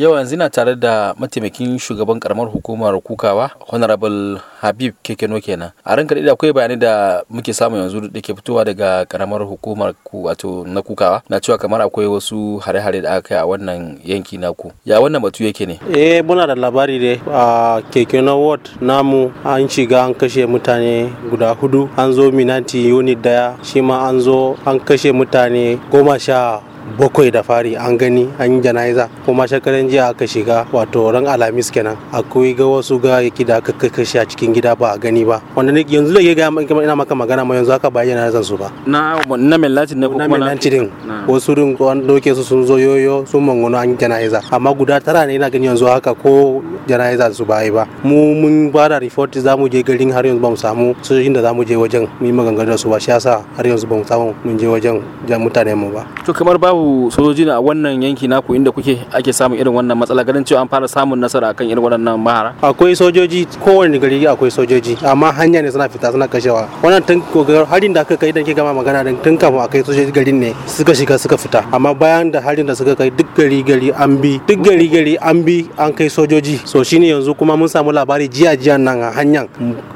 yau yanzu na tare da mataimakin shugaban karamar hukumar kukawa honorable habib kekeno kenan a ranka da akwai bayani da muke samu yanzu da ke fitowa daga karamar hukumar ku wato na kukawa na cewa kamar akwai wasu hare-hare da aka yi a wannan yanki ku. ya wannan batu yake ne eh muna da labari da a kekeno ward namu an shiga an kashe mutane guda hudu an zo minanti unit daya shi ma an zo an kashe mutane goma sha bakwai da fari an gani an yi janaiza kuma shekaran jiya aka shiga wato ran alamis kenan akwai ga wasu yake da aka kashe a cikin gida ba a gani ba wanda ne yanzu da ga ina maka magana ma yanzu aka ba yana zan su ba na na mellatin ne kuma na din wasu din an doke su sun zo yoyo sun mangono an yi janaiza amma guda tara ne ina gani yanzu haka ko janaiza su ba yi ba mu mun ba da report za mu je garin har yanzu ba mu samu sojojin da za mu je wajen mu yi maganganu da su ba shi yasa har yanzu ba mu samu mun je wajen mutane mu ba to kamar ba babu sojoji a wannan yanki naku inda kuke ake samun irin wannan matsala ganin cewa an fara samun nasara akan irin waɗannan mahara akwai sojoji kowane gari akwai sojoji amma hanya ne suna fita suna kashewa wannan tun harin da aka kai idan ke gama magana din tun kafin akai sojoji garin ne suka shiga suka fita amma bayan da harin da suka kai duk gari gari an bi duk gari gari an bi an kai sojoji so shine yanzu kuma mun samu labari jiya jiya nan a hanyar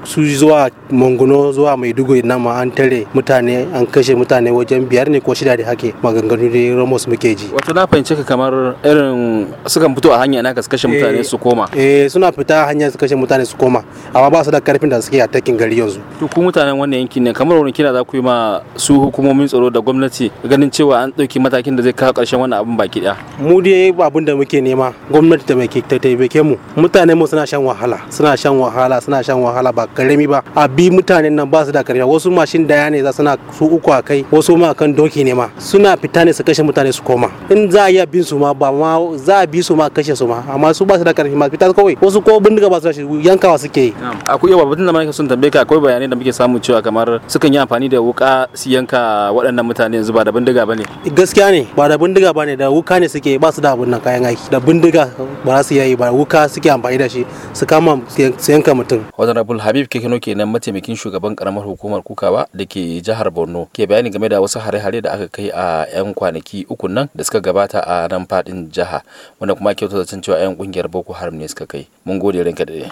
su zuwa mangono zuwa maiduguri nan ma an tare mutane an kashe mutane wajen biyar ne ko shida da hake maganganu ne ramos muke ji wato na fahimci ka kamar irin sukan fito a hanya na ka kashe eh, mutane su koma eh suna fita hanyar su kashe mutane su koma amma ba su da karfin da suke a takin gari yanzu to ku mutanen wannan yankin ne kamar wani kira za ku yi ma su hukumomin tsaro da gwamnati ganin cewa an ɗauki matakin da zai kawo ƙarshen wannan abin baki ɗaya mu dai abin da muke nema gwamnati ta mai ta taimake mu mutanen mu suna shan wahala suna shan wahala suna shan wahala ba karami ba a bi mutanen nan ba su da karfi wasu mashin daya ne za suna su uku a kai wasu ma kan doki ne ma suna fita ne su kashe kashe mutane su koma in za a yi bin su ma ba ma za a bi su ma kashe su ma amma su ba su da karfi ma fitar kawai wasu ko bindiga ba su da shi yankawa suke yi akwai yawa batun da mai son tambaye ka akwai bayanai da muke samu cewa kamar sukan yi amfani da wuka su yanka waɗannan mutane yanzu ba da bindiga bane gaskiya ne ba da bindiga bane da wuka ne suke ba su da abun nan kayan aiki da bindiga ba za su iya yi ba wuka suke amfani da shi su kama su yanka mutum honorable habib kekeno kenan mataimakin shugaban karamar hukumar kukawa da ke jihar borno ke bayani game da wasu hare-hare da aka kai a 'yan kwanaki kwanaki uku nan da suka gabata a nan fadin jiha wanda kuma kyautar da cewa 'yan kungiyar boko haram ne suka kai mun gode ranka da